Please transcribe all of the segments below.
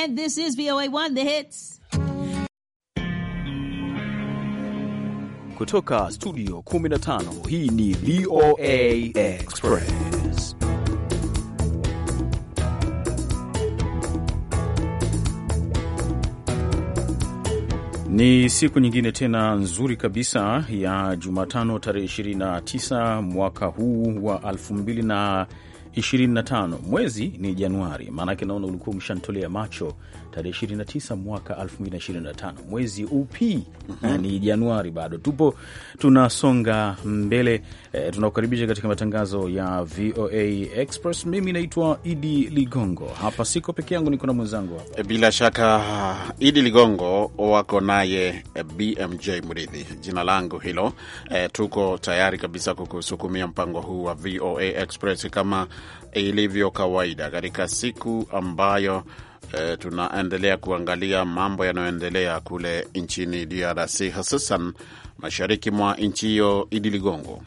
And this is VOA1 The Hits. Kutoka studio 15 hii ni VOA Express. Ni siku nyingine tena nzuri kabisa ya Jumatano tarehe 29 mwaka huu wa 2000 25 mwezi ni Januari, maanake naona ulikuwa umeshantolea macho tarehe 29 mwaka 2025 mwezi upi? Mhm. Ni Januari bado, tupo tunasonga mbele. E, tunakukaribisha katika matangazo ya VOA Express. Mimi naitwa Idi Ligongo, hapa siko peke yangu, niko na mwenzangu hapa eh, bila shaka Idi Ligongo, wako naye eh, BMJ Mridhi, jina langu hilo. E, tuko tayari kabisa kukusukumia mpango huu wa VOA Express kama ilivyo kawaida katika siku ambayo e, tunaendelea kuangalia mambo yanayoendelea kule nchini DRC hususan mashariki mwa nchi hiyo. Idi Ligongo.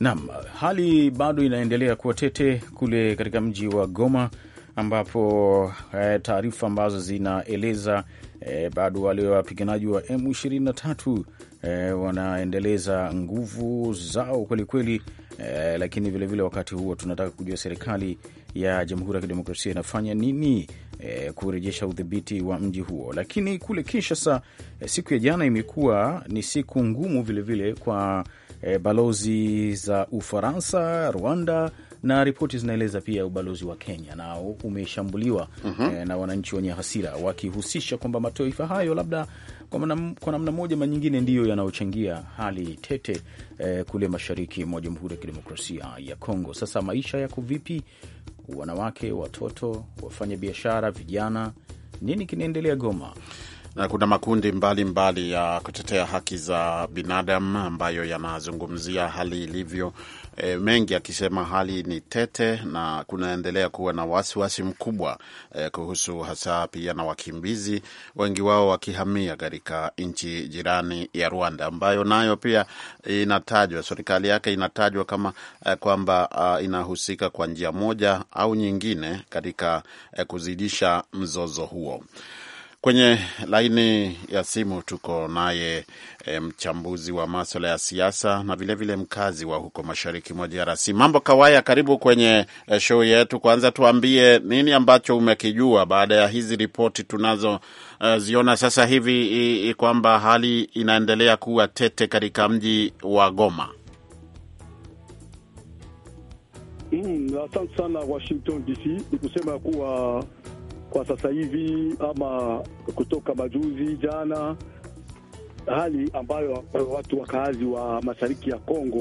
Naam, hali bado inaendelea kuwa tete kule katika mji wa Goma ambapo eh, taarifa ambazo zinaeleza eh, bado wale wapiganaji wa M23 eh, wanaendeleza nguvu zao kwelikweli kweli, eh, lakini vilevile vile wakati huo tunataka kujua serikali ya Jamhuri ya Kidemokrasia inafanya nini e, kurejesha udhibiti wa mji huo. Lakini kule Kinshasa e, siku ya jana imekuwa ni siku ngumu vilevile vile kwa e, balozi za Ufaransa, Rwanda na ripoti zinaeleza pia ubalozi wa Kenya nao umeshambuliwa uh mhm. -huh. E, na wananchi wenye hasira wakihusisha kwamba mataifa hayo labda kwa namna moja ma nyingine ndiyo yanayochangia hali tete eh, kule mashariki mwa Jamhuri ya Kidemokrasia ya Kongo. Sasa maisha yako vipi? Wanawake, watoto, wafanya biashara, vijana, nini kinaendelea Goma? Kuna makundi mbalimbali mbali ya kutetea haki za binadamu ambayo yanazungumzia hali ilivyo, e, mengi akisema hali ni tete na kunaendelea kuwa na wasiwasi mkubwa e, kuhusu hasa pia na wakimbizi, wengi wao wakihamia katika nchi jirani ya Rwanda ambayo nayo pia inatajwa, serikali yake inatajwa kama e, kwamba e, inahusika kwa njia moja au nyingine katika e, kuzidisha mzozo huo. Kwenye laini ya simu tuko naye e, mchambuzi wa maswala ya siasa na vilevile vile mkazi wa huko mashariki mwa DRC. Mambo Kawaya, karibu kwenye e, show yetu. Kwanza tuambie nini ambacho umekijua baada ya hizi ripoti tunazoziona e, sasa hivi kwamba hali inaendelea kuwa tete katika mji wa Goma. Mm, sana Washington DC, ni kusema kuwa kwa sasa hivi ama kutoka majuzi jana, hali ambayo eh, watu wakaazi wa mashariki ya Kongo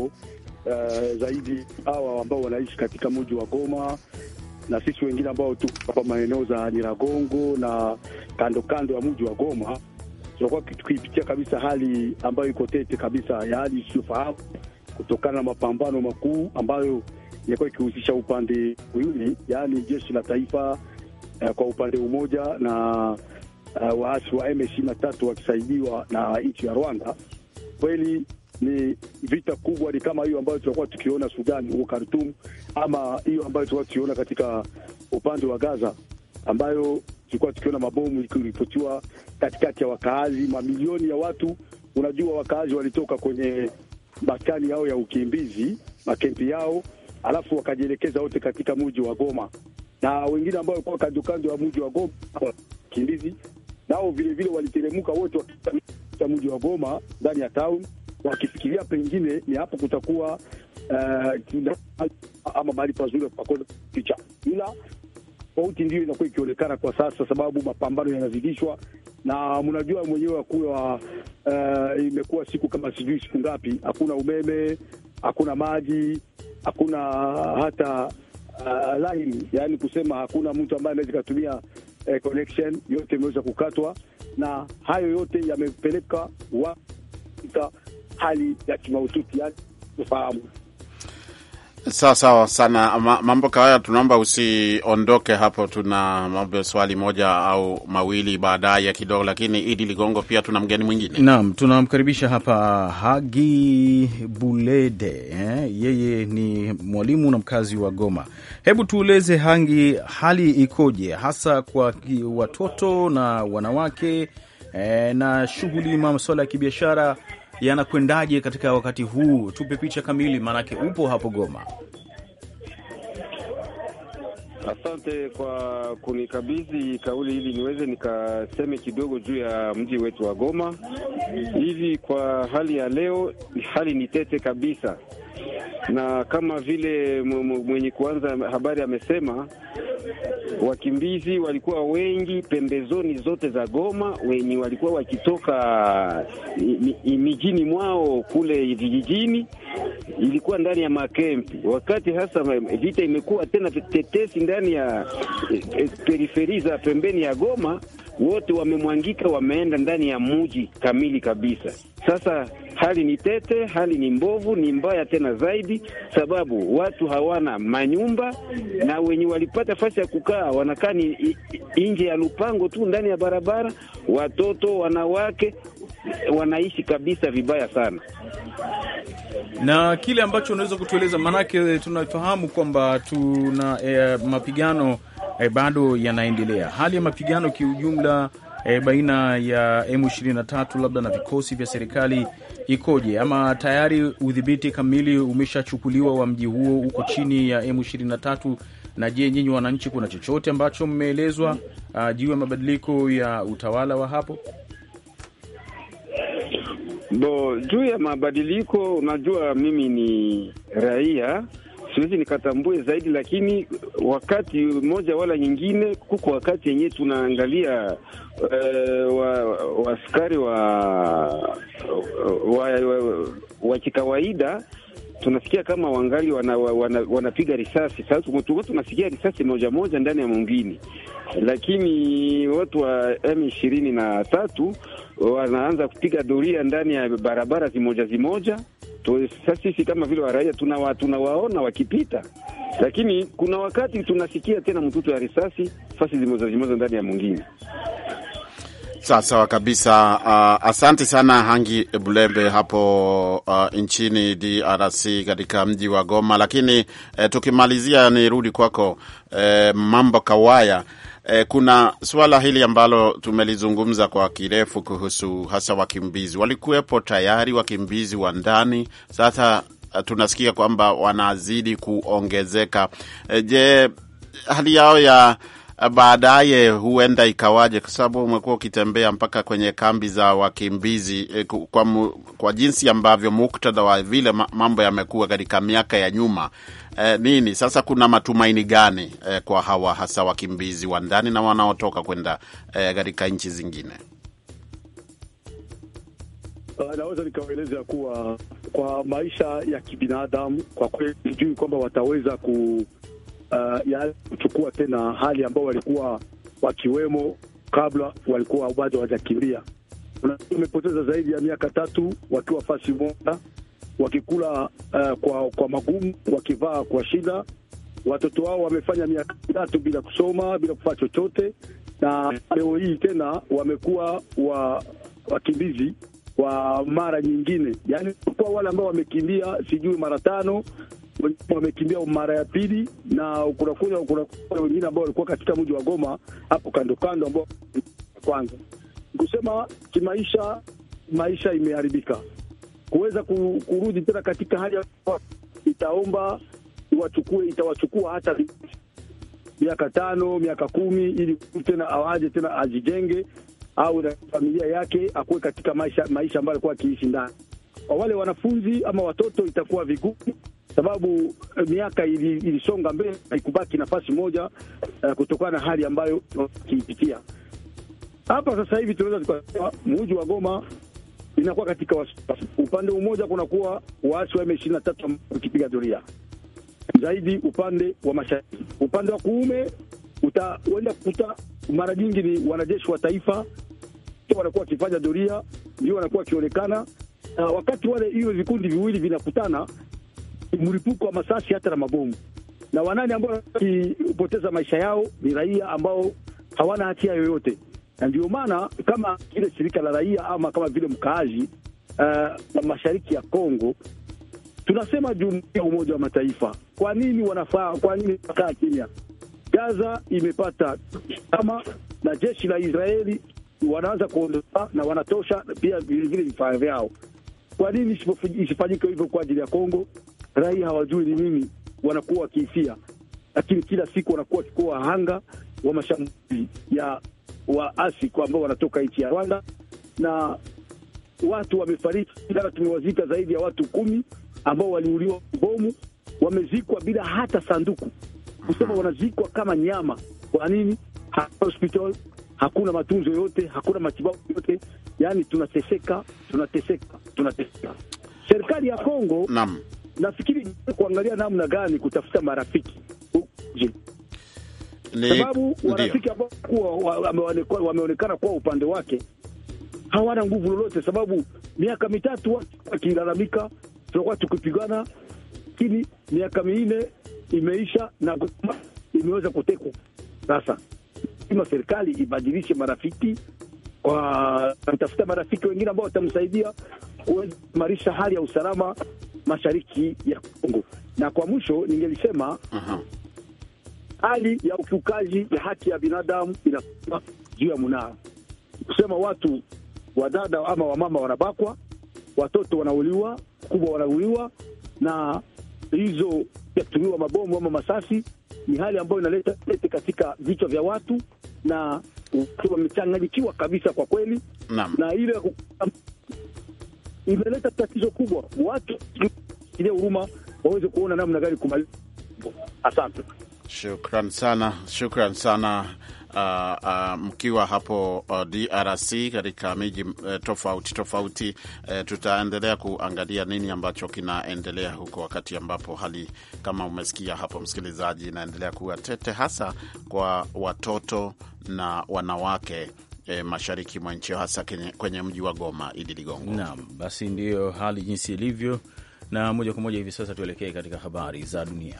uh, zaidi hawa ambao wanaishi katika mji wa Goma na sisi wengine ambao tu hapa maeneo za Nyiragongo na kando kando ya mji wa Goma tunakuwa tukiipitia kabisa hali ambayo iko tete kabisa ya hali isiyofahamu kutokana na mapambano makuu ambayo imekuwa ikihusisha upande wili, yaani jeshi la taifa uh, kwa upande mmoja na uh, waasi wa M23 wakisaidiwa na nchi ya Rwanda. Kweli ni vita kubwa, ni kama hiyo ambayo tunakuwa tukiona sudani huko Khartoum, ama hiyo ambayo tulikuwa tukiona katika upande wa Gaza, ambayo tulikuwa tukiona mabomu ikiripotiwa katikati ya wakaazi, mamilioni ya watu. Unajua, wakaazi walitoka kwenye maskani yao ya ukimbizi, makempi yao, alafu wakajielekeza wote katika mji wa Goma na wengine ambao walikuwa kandokando ya mji wa Goma wakimbizi nao vilevile waliteremka wote wakiita mji wa Goma ndani ya town, wakifikiria pengine ni hapo kutakuwa uh, ama mahali pazuri pakona picha, ila tofauti ndiyo inakuwa ikionekana kwa sasa, sababu mapambano yanazidishwa na mnajua mwenyewe akuwa uh, eh, imekuwa siku kama sijui siku ngapi, hakuna umeme, hakuna maji, hakuna hata Uh, uh, line, yani kusema hakuna mtu ambaye anaweza kutumia uh, connection yote imeweza kukatwa, na hayo yote yamepeleka wa hali ya kimaututi yani kufahamu Sawa sawa sana. Mambo kawaya, tunaomba usiondoke hapo, tuna mambo swali moja au mawili baadaye kidogo, lakini Idi Ligongo, pia tuna mgeni mwingine. Naam, tunamkaribisha hapa Hagi Bulede eh, yeye ni mwalimu na mkazi wa Goma. Hebu tueleze Hangi, hali ikoje hasa kwa watoto na wanawake eh, na shughuli maswala ya kibiashara yanakwendaje katika wakati huu? Tupe picha kamili, maanake upo hapo Goma. Asante kwa kunikabidhi kauli hili niweze nikaseme kidogo juu ya mji wetu wa Goma. Hivi kwa hali ya leo, hali ni tete kabisa na kama vile mwenye kuanza habari amesema, wakimbizi walikuwa wengi pembezoni zote za Goma, wenye walikuwa wakitoka mijini mwao kule vijijini, ilikuwa ndani ya makempi, wakati hasa vita imekuwa tena tetesi ndani ya e, periferi za pembeni ya Goma, wote wamemwangika, wameenda ndani ya muji kamili kabisa. Sasa Hali ni tete, hali ni mbovu, ni mbaya tena zaidi, sababu watu hawana manyumba na wenye walipata fasi ya kukaa wanakaa ni nje ya lupango tu, ndani ya barabara. Watoto, wanawake wanaishi kabisa vibaya sana. Na kile ambacho unaweza kutueleza, maanake tunafahamu kwamba tuna eh, mapigano eh, bado yanaendelea, hali ya mapigano kiujumla eh, baina ya M23 labda na vikosi vya serikali ikoje, ama tayari udhibiti kamili umeshachukuliwa wa mji huo uko chini ya M23? Na je, nyinyi wananchi, kuna chochote ambacho mmeelezwa uh, juu ya mabadiliko ya utawala wa hapo? Bo, juu ya mabadiliko, unajua mimi ni raia, siwezi nikatambue zaidi, lakini wakati mmoja wala nyingine, kuko wakati yenyewe tunaangalia Eh, waskari wa wa wa kikawaida tunasikia kama wangali wanapiga risasi. Sasa tulikuwa tunasikia risasi moja moja ndani ya mwingini lakini watu wa M ishirini na tatu wanaanza kupiga doria ndani ya barabara zimoja zimoja sasa sisi kama vile waraia tunawa, tunawaona wakipita, lakini kuna wakati tunasikia tena mtutu ya risasi fasi zimoza zimoza ndani ya mwingine. Sawa sawa kabisa. Uh, asante sana Hangi Bulembe hapo uh, nchini DRC katika mji wa Goma. Lakini eh, tukimalizia nirudi kwako eh, Mambo Kawaya. E, kuna suala hili ambalo tumelizungumza kwa kirefu kuhusu hasa wakimbizi. Walikuwepo tayari wakimbizi wa ndani, sasa eh, tunasikia kwamba wanazidi kuongezeka. Eh, je, hali yao ya baadaye huenda ikawaje, kwa sababu umekuwa ukitembea mpaka kwenye kambi za wakimbizi eh, kwa, kwa jinsi ambavyo muktadha wa vile mambo yamekuwa katika miaka ya nyuma. E, nini sasa, kuna matumaini gani e, kwa hawa hasa wakimbizi wa ndani na wanaotoka kwenda e, katika nchi zingine? Ah, naweza nikawaeleza kuwa kwa maisha ya kibinadamu kwa kweli sijui kwamba wataweza ku uh, ya kuchukua tena hali ambao walikuwa wakiwemo kabla, walikuwa bado hawajakimbia. Tumepoteza zaidi ya miaka tatu wakiwa fasi moja, wakikula uh, kwa, kwa magumu, wakivaa kwa shida. Watoto wao wamefanya miaka mitatu bila kusoma, bila kufaa chochote, na leo hii tena wamekuwa wa wakimbizi wa mara nyingine, yani kwa wale ambao wamekimbia sijui mara tano wamekimbia mara ya pili, na ukurakura ukurakura wengine ambao walikuwa katika mji wa Goma hapo kando kando, ambao kwanza kusema kimaisha, maisha imeharibika. Kuweza kurudi tena katika hali itaomba iwachukue, itawachukua hata miaka tano miaka kumi ili tena awaje tena ajijenge au na familia yake akuwe katika maisha maisha ambayo alikuwa akiishi ndani. Kwa wale wanafunzi ama watoto itakuwa vigumu sababu eh, miaka ilisonga mbele, haikubaki nafasi moja uh, kutokana na hali ambayo kiipitia hapa sasa hivi. Tunaweza tukasema muji wa Goma inakuwa katika wasiwasi. Upande mmoja kunakuwa waasi wa M23 ukipiga doria zaidi upande wa mashariki, upande wa kuume utaenda kukuta mara nyingi ni wanajeshi wa taifa wanakuwa wakifanya doria, ndio wanakuwa wakionekana wakati wale hivyo vikundi viwili vinakutana mlipuko wa masasi hata na mabomu, na wanani ambao wakipoteza maisha yao ni raia ambao hawana hatia yoyote, na ndio maana kama kile shirika la raia ama kama vile mkaaji uh, mashariki ya Kongo tunasema jumuiya ya Umoja wa Mataifa, kwa nini wanafaa? Kwa nini wanakaa kimya? Gaza imepata kama na jeshi la Israeli wanaanza kuondoka na wanatosha pia vilevile vifaa vyao. Kwa nini isifanyike hivyo kwa ajili ya Kongo? raia hawajui ni nini, wanakuwa wakihisia lakini kila siku wanakuwa wakikuwa wahanga wa mashambulizi ya waasi ambao wanatoka nchi ya Rwanda, na watu wamefariki. Jana tumewazika zaidi ya watu kumi ambao waliuliwa bomu, wamezikwa bila hata sanduku, kusema wanazikwa kama nyama. Kwa nini? Hakuna hakuna matunzo yote hakuna matibabu yote Yani tunateseka, tunateseka, tunateseka. Serikali ya Kongo nafikiri kuangalia namna gani kutafuta marafiki sababu warafiki ambao wameonekana kuwa upande wake hawana nguvu lolote, sababu miaka mitatu wakilalamika, tunakuwa tukipigana, lakini miaka minne imeisha na imeweza kutekwa. Sasa ima serikali ibadilishe marafiki kwa kutafuta marafiki wengine ambao watamsaidia kuweza kuimarisha hali ya usalama mashariki ya Kongo. Na kwa mwisho ningelisema hali ya ukiukaji ya haki ya binadamu inasema juu ya munaa kusema watu wadada ama wamama wanabakwa, watoto wanauliwa, kubwa wanauliwa, na hizo yatumiwa mabomu ama masasi ni hali ambayo inaleta tete katika vichwa vya watu na wamechanganyikiwa kabisa kwa kweli, na ile imeleta tatizo kubwa. Watu ile huruma waweze kuona namna gani kumaliza. Asante, shukran sana, shukran sana. Uh, uh, mkiwa hapo uh, DRC katika miji uh, tofauti tofauti uh, tutaendelea kuangalia nini ambacho kinaendelea huko, wakati ambapo hali kama umesikia hapo msikilizaji, inaendelea kuwa tete, hasa kwa watoto na wanawake e, mashariki mwa nchi hasa kwenye, kwenye mji wa Goma. Idi Ligongo. Naam, basi ndiyo hali jinsi ilivyo, na moja kwa moja hivi sasa tuelekee katika habari za dunia.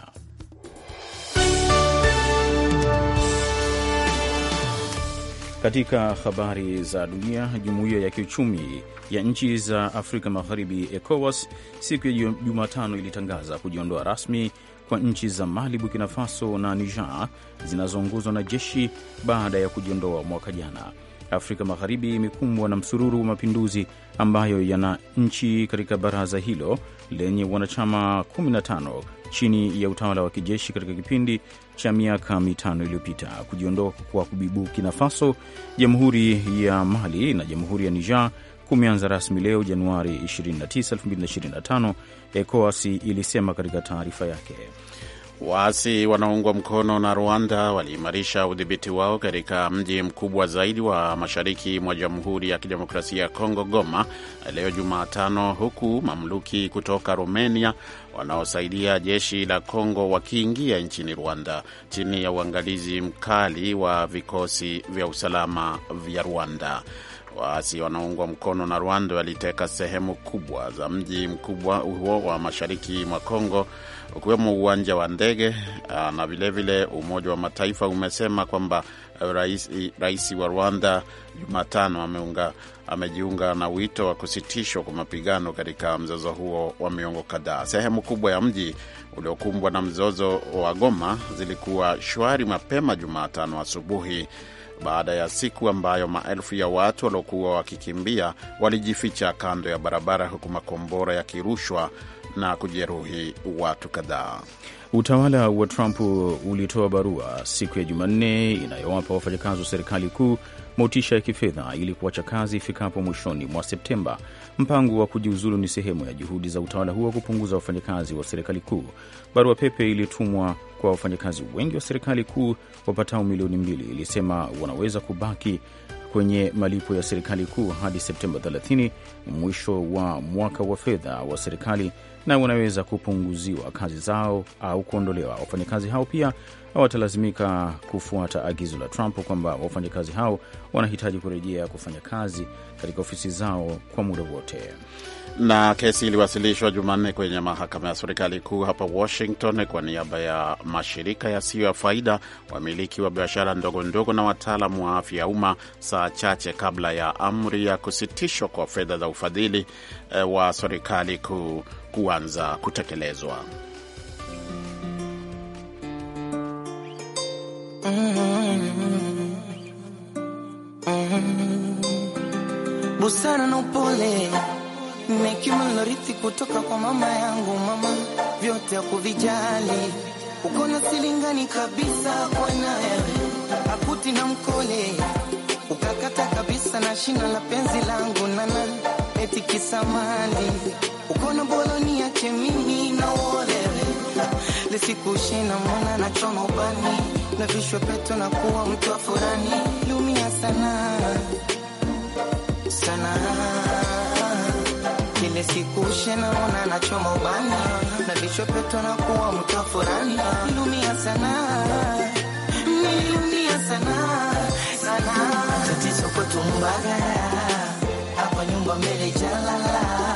Katika habari za dunia, jumuiya ya kiuchumi ya nchi za Afrika Magharibi, ECOWAS, siku ya Jumatano ilitangaza kujiondoa rasmi kwa nchi za Mali, Burkina Faso na Niger zinazoongozwa na jeshi baada ya kujiondoa mwaka jana. Afrika Magharibi imekumbwa na msururu wa mapinduzi ambayo yana nchi katika baraza hilo lenye wanachama 15 chini ya utawala wa kijeshi katika kipindi cha miaka mitano iliyopita. Kujiondoa kwa Burkina Faso, jamhuri ya Mali na jamhuri ya Niger kumeanza rasmi leo Januari 29, 2025, ECOWAS ilisema katika taarifa yake. Waasi wanaoungwa mkono na Rwanda waliimarisha udhibiti wao katika mji mkubwa zaidi wa mashariki mwa Jamhuri ya Kidemokrasia ya Kongo, Goma, leo Jumatano, huku mamluki kutoka Romania wanaosaidia jeshi la Kongo wakiingia nchini Rwanda chini ya uangalizi mkali wa vikosi vya usalama vya Rwanda. Waasi wanaoungwa mkono na Rwanda waliteka sehemu kubwa za mji mkubwa huo wa mashariki mwa Kongo ukiwemo uwanja wa ndege ah, na vilevile, Umoja wa Mataifa umesema kwamba eh, rais, eh, rais wa Rwanda Jumatano ameunga amejiunga na wito wa kusitishwa kwa mapigano katika mzozo huo wa miongo kadhaa. Sehemu kubwa ya mji uliokumbwa na mzozo wa Goma zilikuwa shwari mapema Jumatano asubuhi baada ya siku ambayo maelfu ya watu waliokuwa wakikimbia walijificha kando ya barabara huku makombora yakirushwa na kujeruhi watu kadhaa. Utawala wa Trump ulitoa barua siku ya Jumanne inayowapa wafanyakazi wa serikali kuu motisha ya kifedha ili kuacha kazi ifikapo mwishoni mwa Septemba. Mpango wa kujiuzulu ni sehemu ya juhudi za utawala huo kupunguza wafanyakazi wa serikali kuu. Barua pepe ilitumwa kwa wafanyakazi wengi wa serikali kuu wapatao milioni mbili, ilisema wanaweza kubaki kwenye malipo ya serikali kuu hadi Septemba 30, mwisho wa mwaka wa fedha wa serikali, na wanaweza kupunguziwa kazi zao au kuondolewa. Wafanyakazi hao pia hawatalazimika kufuata agizo la Trump kwamba wafanyakazi hao wanahitaji kurejea kufanya kazi katika ofisi zao kwa muda wote na kesi iliwasilishwa Jumanne kwenye mahakama ya serikali kuu hapa Washington kwa niaba ya mashirika yasiyo ya faida, wamiliki wa biashara ndogo ndogo na wataalamu wa afya ya umma, saa chache kabla ya amri ya kusitishwa kwa fedha za ufadhili eh, wa serikali kuu kuanza kutekelezwa. mm -hmm. Mm -hmm. Busara na upole Nikiwa nilorithi kutoka kwa mama yangu, mama vyote akuvijali, uko na silingani kabisa naye akuti na mkole, ukakata kabisa na shina la penzi langu, nana eti kisamali, uko na boloni yake mimi na wole lisikushina, mwana na choma ubani na vishwe peto na kuwa mtu wa furani, lumia sana sana ile siku shenaona nachoma ubana na vichwa peto na kuwa mtafurani nilumia sana nilumia sana sana tatizo kutumbaga hapa nyumba mbele jalala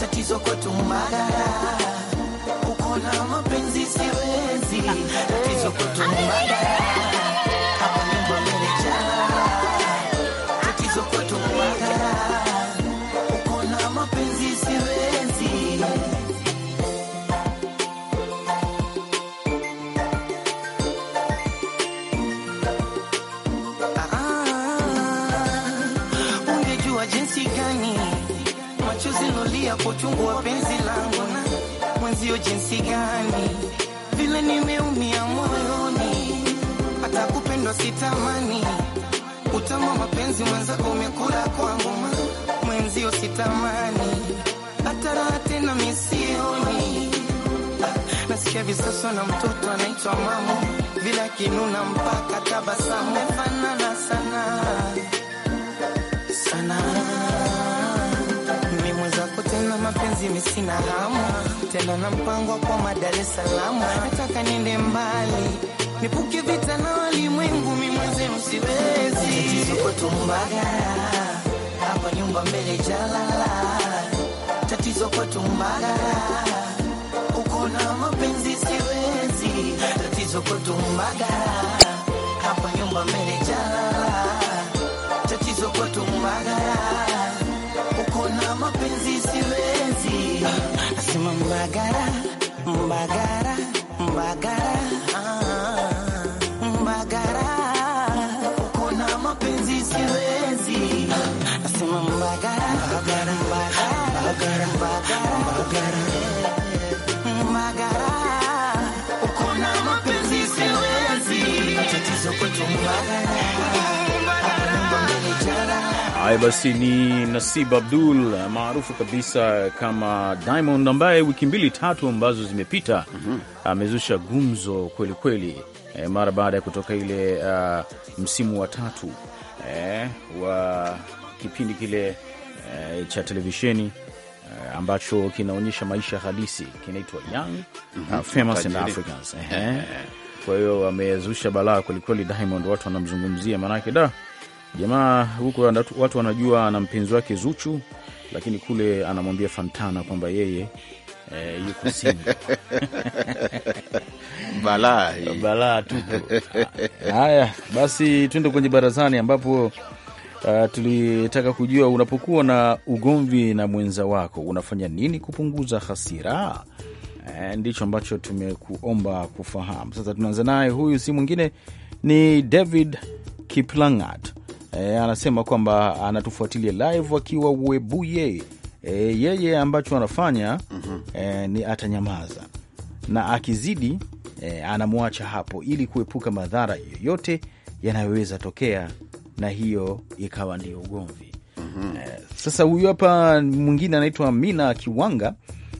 tatizo kutumbaga uko na mapenzi siwezi tatizo kutumbaga jinsi gani, vile nimeumia moyoni, hata kupendwa sitamani. Utamu mapenzi mwenzako umekula kwangu, mwenzio sitamani, hata raha tena misioni. Nasikia visoso na mtoto anaitwa mama, vile akinuna mpaka tabasamu, mefanana sana sana na mapenzi misina hamu tena na mpango kwa Dar es Salaam, nataka niende mbali nipuke vita na walimwengu, mimi msiwezi tatizo Kwetu Mbagala hapa nyumba mbele jalala, tatizo kwetu Mbagala uko na mapenzi siwezi, tatizo kwetu Mbagala hapa nyumba mbele jalala, tatizo kwetu Mbagala mapenzi siwezi, sema mbagara mbagara mbagara mbagara, Ukona mapenzi siwezi, nasema mbagara mbagara mbagara mbagara, uko na mapenzi siwezi, tatizo kwetu mbagara Haya basi, ni Nasib Abdul maarufu kabisa kama Diamond, ambaye wiki mbili tatu ambazo zimepita mm -hmm. amezusha gumzo kweli kweli e, mara baada ya kutoka ile uh, msimu wa tatu e, wa kipindi kile e, cha televisheni e, ambacho kinaonyesha maisha halisi kinaitwa Young mm -hmm. Famous and Africans. Kwa hiyo amezusha balaa kwelikweli Diamond, watu wanamzungumzia maanake da Jamaa huko watu wanajua na mpenzi wake Zuchu, lakini kule anamwambia Fantana kwamba yeye e, yuko balaa balaa Haya basi, tuende kwenye barazani ambapo Uh, tulitaka kujua unapokuwa na ugomvi na mwenza wako unafanya nini kupunguza hasira? Eh, ndicho ambacho tumekuomba kufahamu. Sasa tunaanza naye, huyu si mwingine ni David Kiplangat e, anasema kwamba anatufuatilia live akiwa Webuye. E, yeye ambacho anafanya mm -hmm. e, ni atanyamaza na akizidi e, anamwacha hapo ili kuepuka madhara yoyote yanayoweza tokea na hiyo ikawa ndio ugomvi. mm -hmm. E, sasa huyu hapa mwingine anaitwa Mina Kiwanga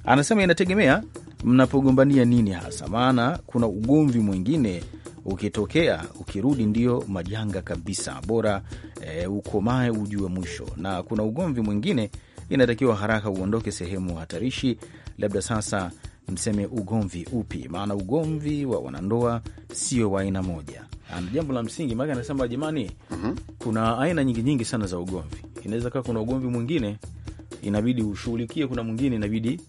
anasema inategemea mnapogombania nini hasa, maana kuna ugomvi mwingine ukitokea ukirudi ndio majanga kabisa, bora e, ukomae ujue mwisho. Na kuna ugomvi mwingine, inatakiwa haraka uondoke sehemu hatarishi. Labda sasa mseme ugomvi upi? Maana ugomvi wa wanandoa sio wa aina moja, jambo la msingi. maka anasema jamani, mm -hmm. kuna aina nyingi nyingi sana za ugomvi. Inaweza kaa kuna ugomvi mwingine inabidi ushughulikie, kuna mwingine inabidi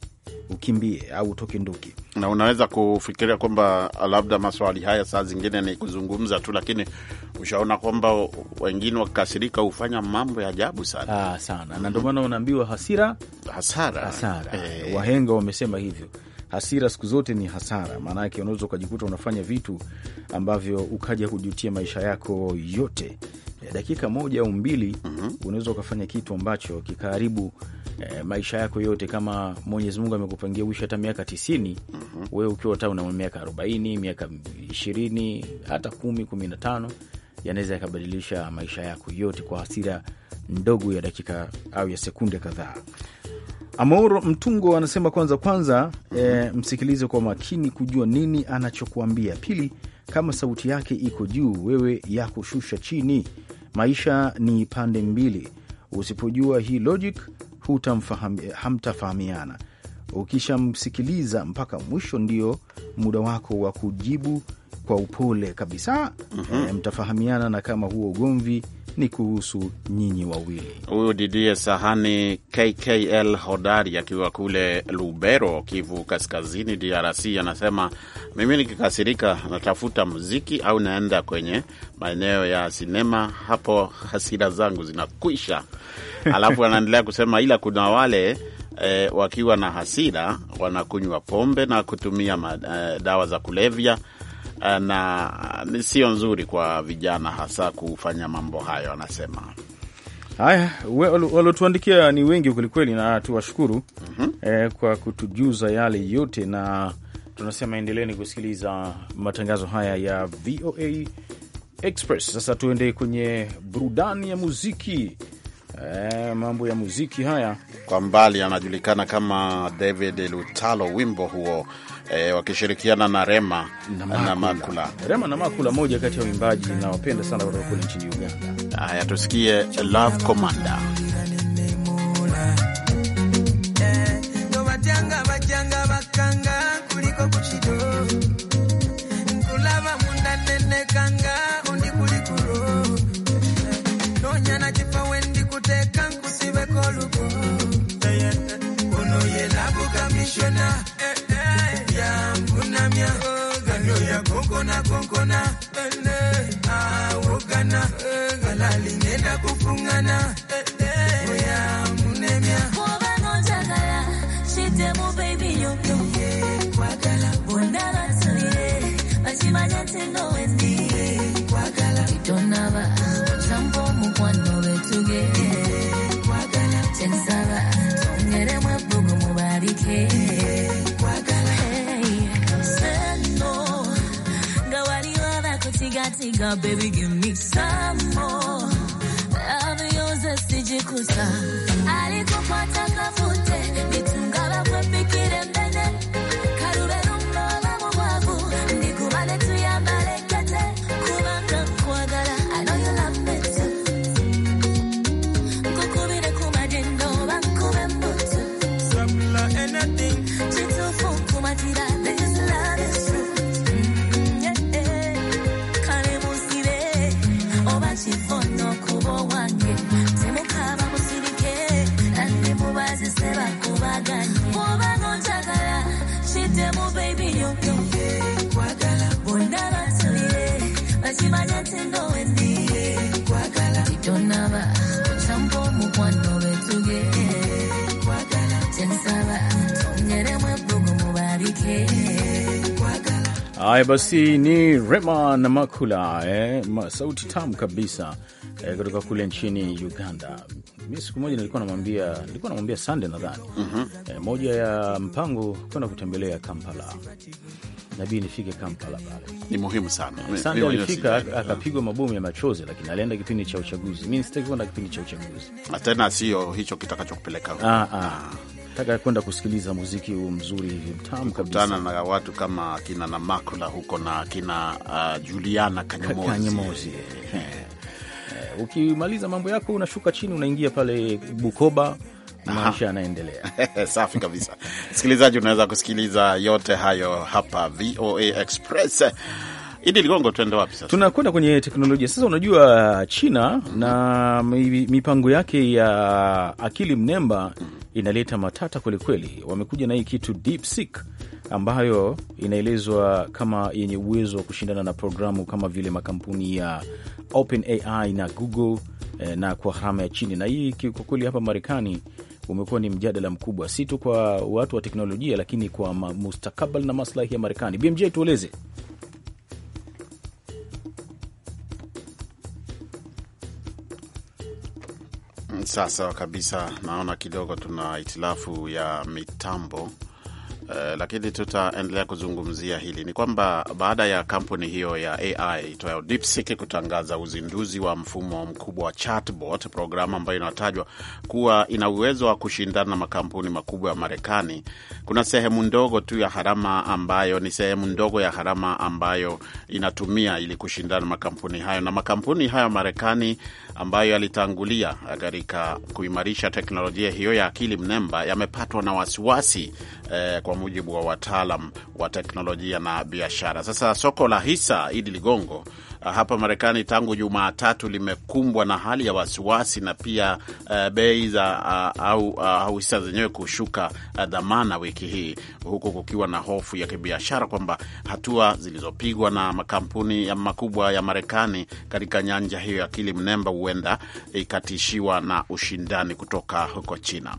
ukimbie au utoke nduki. Na unaweza kufikiria kwamba labda maswali haya saa zingine ni kuzungumza tu, lakini ushaona kwamba wengine wakikasirika hufanya mambo ya ajabu sana. Ah, sana mm -hmm. Na ndio maana unaambiwa hasira hasara, hasara. Eh. Wahenga wamesema hivyo, hasira siku zote ni hasara, maana yake unaweza ukajikuta unafanya vitu ambavyo ukaja kujutia maisha yako yote. Eh, dakika moja au mbili mm -hmm. unaweza ukafanya kitu ambacho kikaharibu Eh, maisha yako yote, kama Mwenyezi Mungu amekupangia uishi hata miaka tisini, mm-hmm. wewe ukiwa ta una miaka arobaini, miaka ishirini, hata kumi, kumi na tano, yanaweza yakabadilisha maisha yako yote kwa hasira ndogo ya dakika au ya sekunde kadhaa. Amor Mtungo anasema kwanza kwanza, e, msikilize kwa makini kujua nini anachokuambia. Pili, kama sauti yake iko juu, wewe yakoshusha chini. Maisha ni pande mbili, usipojua hii logic hamtafahamiana. Ukishamsikiliza mpaka mwisho, ndio muda wako wa kujibu kwa upole kabisa. mm -hmm. E, mtafahamiana na kama huo ugomvi ni kuhusu nyinyi wawili. Huyu Didie Sahani KKL Hodari akiwa kule Lubero, Kivu Kaskazini, DRC, anasema mimi nikikasirika natafuta muziki au naenda kwenye maeneo ya sinema, hapo hasira zangu zinakwisha. Alafu anaendelea kusema ila kuna wale E, wakiwa na hasira wanakunywa pombe na kutumia ma, e, dawa za kulevya Eh, na sio nzuri kwa vijana, hasa kufanya mambo hayo, anasema. Haya, waliotuandikia ni wengi kwelikweli, na tuwashukuru mm -hmm. eh, kwa kutujuza yale yote, na tunasema endeleni kusikiliza matangazo haya ya VOA Express. Sasa tuende kwenye burudani ya muziki. E, mambo ya muziki haya kwa mbali, anajulikana kama David Lutalo, wimbo huo e, wakishirikiana na Rema na Makula. Na Makula. Rema na Makula, moja kati ya wimbaji nawapenda sana kutoka kule nchini Uganda. Haya, tusikie Love Commander. konkona konkona nigga, baby, give me some more. Love yours, sijikusa. Alikupa takafute, nitungala Haya basi, ni Rema na Makula eh, sauti tamu kabisa eh, kutoka kule nchini Uganda. Mi siku moja nilikuwa namwambia nilikuwa namwambia Sande nadhani, mm -hmm. eh, moja ya mpango kwenda kutembelea Kampala nabii nifike Kampala pale, ni muhimu sana. Sande alifika akapigwa mabomu ya machozi, lakini alienda kipindi cha uchaguzi. Mi sitaki kwenda kipindi cha uchaguzi tena, sio hicho kitakachokupeleka ah, ah. taka kwenda kusikiliza muziki huu mzuri hivi mtamu kabisa, kutana na watu kama akina Namakula huko na akina uh, Juliana Kanyomozi. Eh. Eh, ukimaliza mambo yako unashuka chini unaingia pale Bukoba maisha yanaendelea. Safi kabisa. Msikilizaji, unaweza kusikiliza yote hayo hapa VOA Express. Idi Ligongo, tuende wapi sasa? Tunakwenda kwenye teknolojia sasa. Unajua China na mipango yake ya akili mnemba inaleta matata kwelikweli. Wamekuja na hii kitu DeepSeek ambayo inaelezwa kama yenye uwezo wa kushindana na programu kama vile makampuni ya OpenAI na Google eh, na kwa gharama ya chini, na hii kwa kweli hapa Marekani umekuwa ni mjadala mkubwa, si tu kwa watu wa teknolojia, lakini kwa mustakabali na maslahi ya Marekani. BMJ, tueleze. Sasa kabisa, naona kidogo tuna hitilafu ya mitambo Eh, lakini tutaendelea kuzungumzia hili ni kwamba baada ya kampuni hiyo ya AI itwayo DeepSeek kutangaza uzinduzi wa mfumo mkubwa wa chatbot, programu ambayo inatajwa kuwa ina uwezo wa kushindana na makampuni makubwa ya Marekani, kuna sehemu ndogo tu ya harama ambayo ni sehemu ndogo ya harama ambayo inatumia ili kushindana na makampuni hayo, na makampuni hayo ya Marekani ambayo yalitangulia katika kuimarisha teknolojia hiyo ya akili mnemba yamepatwa na wasiwasi eh, kwa mujibu wa wataalam wa teknolojia na biashara. Sasa soko la hisa, Idi Ligongo, Eh, hapa Marekani tangu Jumatatu limekumbwa na hali ya wasiwasi na pia uh, bei za uh, au uh, hisa zenyewe kushuka uh, dhamana wiki hii, huku kukiwa na hofu ya kibiashara kwamba hatua zilizopigwa na makampuni ya makubwa ya Marekani katika nyanja hiyo ya akili mnemba huenda ikatishiwa na ushindani kutoka huko China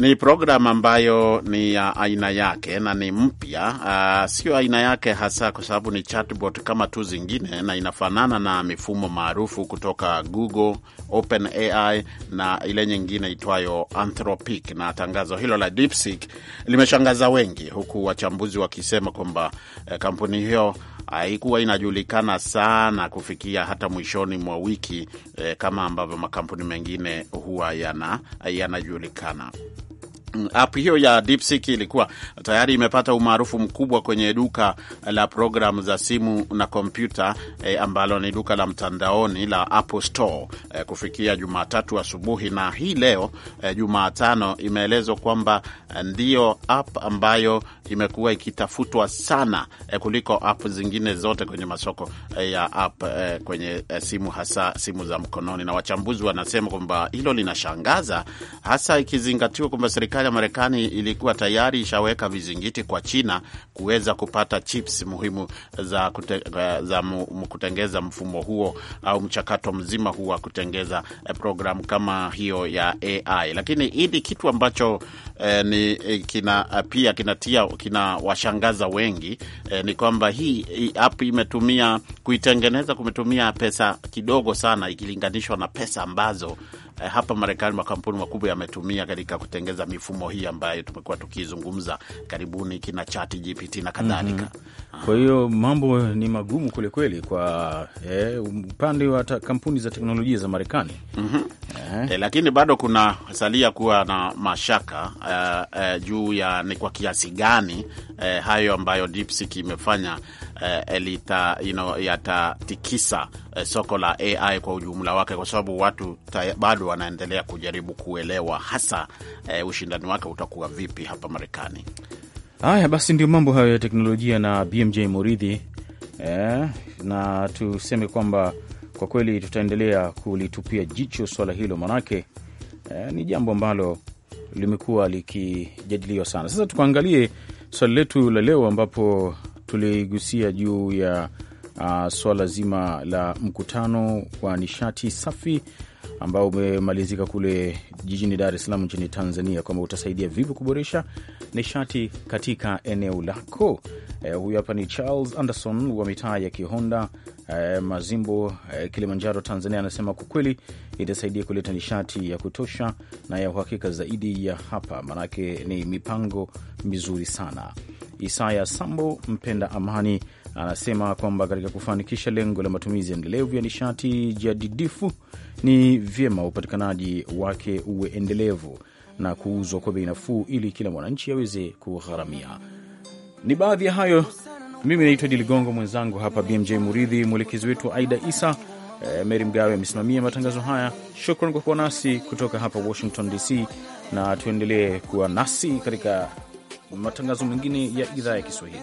ni programu ambayo ni ya aina yake na ni mpya. Uh, sio aina yake hasa kwa sababu ni chatbot kama tu zingine, na inafanana na mifumo maarufu kutoka Google, OpenAI na ile nyingine itwayo Anthropic. Na tangazo hilo la DeepSeek limeshangaza wengi, huku wachambuzi wakisema kwamba uh, kampuni hiyo haikuwa inajulikana sana kufikia hata mwishoni mwa wiki eh, kama ambavyo makampuni mengine huwa yanajulikana yana App hiyo ya DeepSeek ilikuwa tayari imepata umaarufu mkubwa kwenye duka la programu za simu na kompyuta e, ambalo ni duka la mtandaoni la Apple Store e, kufikia Jumatatu asubuhi, na hii leo e, Jumatano imeelezwa kwamba ndiyo app ambayo imekuwa ikitafutwa sana e, kuliko app zingine zote kwenye masoko e, ya app e, kwenye e, simu hasa simu za mkononi, na wachambuzi wanasema kwamba hilo linashangaza hasa ikizingatiwa kwamba serikali ya Marekani ilikuwa tayari ishaweka vizingiti kwa China kuweza kupata chips muhimu za, kute, za kutengeza mfumo huo au mchakato mzima huo wa kutengeza eh, programu kama hiyo ya AI. Lakini hili kitu ambacho eh, ni eh, kina eh, pia kinatia kinawashangaza wengi eh, ni kwamba hii, hii app imetumia kuitengeneza kumetumia pesa kidogo sana ikilinganishwa na pesa ambazo Eh, hapa Marekani makampuni makubwa yametumia katika kutengeza mifumo hii ambayo tumekuwa tukizungumza karibuni, kina Chat GPT na kadhalika mm -hmm. Kwa hiyo mambo ni magumu kwelikweli kwa eh, upande wa kampuni za teknolojia za Marekani mm -hmm. eh. Eh, lakini bado kuna salia kuwa na mashaka eh, eh, juu ya ni kwa kiasi gani eh, hayo ambayo DeepSeek imefanya eh, you know, yatatikisa eh, soko la AI kwa ujumla wake, kwa sababu watu bado wanaendelea kujaribu kuelewa hasa eh, ushindani wake utakuwa vipi hapa Marekani. Haya basi, ndio mambo hayo ya teknolojia na BMJ Muridhi eh, na tuseme kwamba kwa kweli tutaendelea kulitupia jicho swala hilo, manake eh, ni jambo ambalo limekuwa likijadiliwa sana. Sasa tukaangalie swali letu la leo ambapo tuligusia juu ya uh, swala zima la mkutano wa nishati safi ambao umemalizika kule jijini Dar es Salaam nchini Tanzania, kwamba utasaidia vipi kuboresha nishati katika eneo lako. Eh, huyu hapa ni Charles Anderson wa mitaa ya Kihonda eh, Mazimbo eh, Kilimanjaro, Tanzania. Anasema kwa kweli itasaidia kuleta nishati ya kutosha na ya uhakika zaidi ya hapa, manake ni mipango mizuri sana. Isaya Sambo mpenda amani anasema kwamba katika kufanikisha lengo la matumizi endelevu ya nishati jadidifu ni vyema upatikanaji wake uwe endelevu na kuuzwa kwa bei nafuu ili kila mwananchi aweze kugharamia. Ni baadhi ya hayo. Mimi naitwa Diligongo, Ligongo, mwenzangu hapa BMJ Muridhi, mwelekezi wetu Aida Isa eh, Meri Mgawe amesimamia matangazo haya. Shukran kwa kuwa nasi kutoka hapa Washington DC, na tuendelee kuwa nasi katika matangazo mengine ya idhaa ya Kiswahili.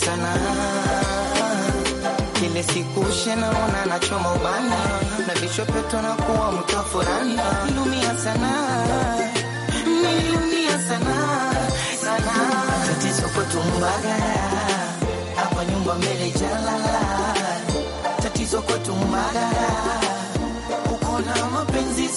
Sana ile siku ushe naona nachoma ubana na vichwa peto na kuwa mtofurana nilumia sana nilumia sana sana tatizo kwetu Mbagala hapa nyumba mbele jalala tatizo kwetu Mbagala uko na mapenzi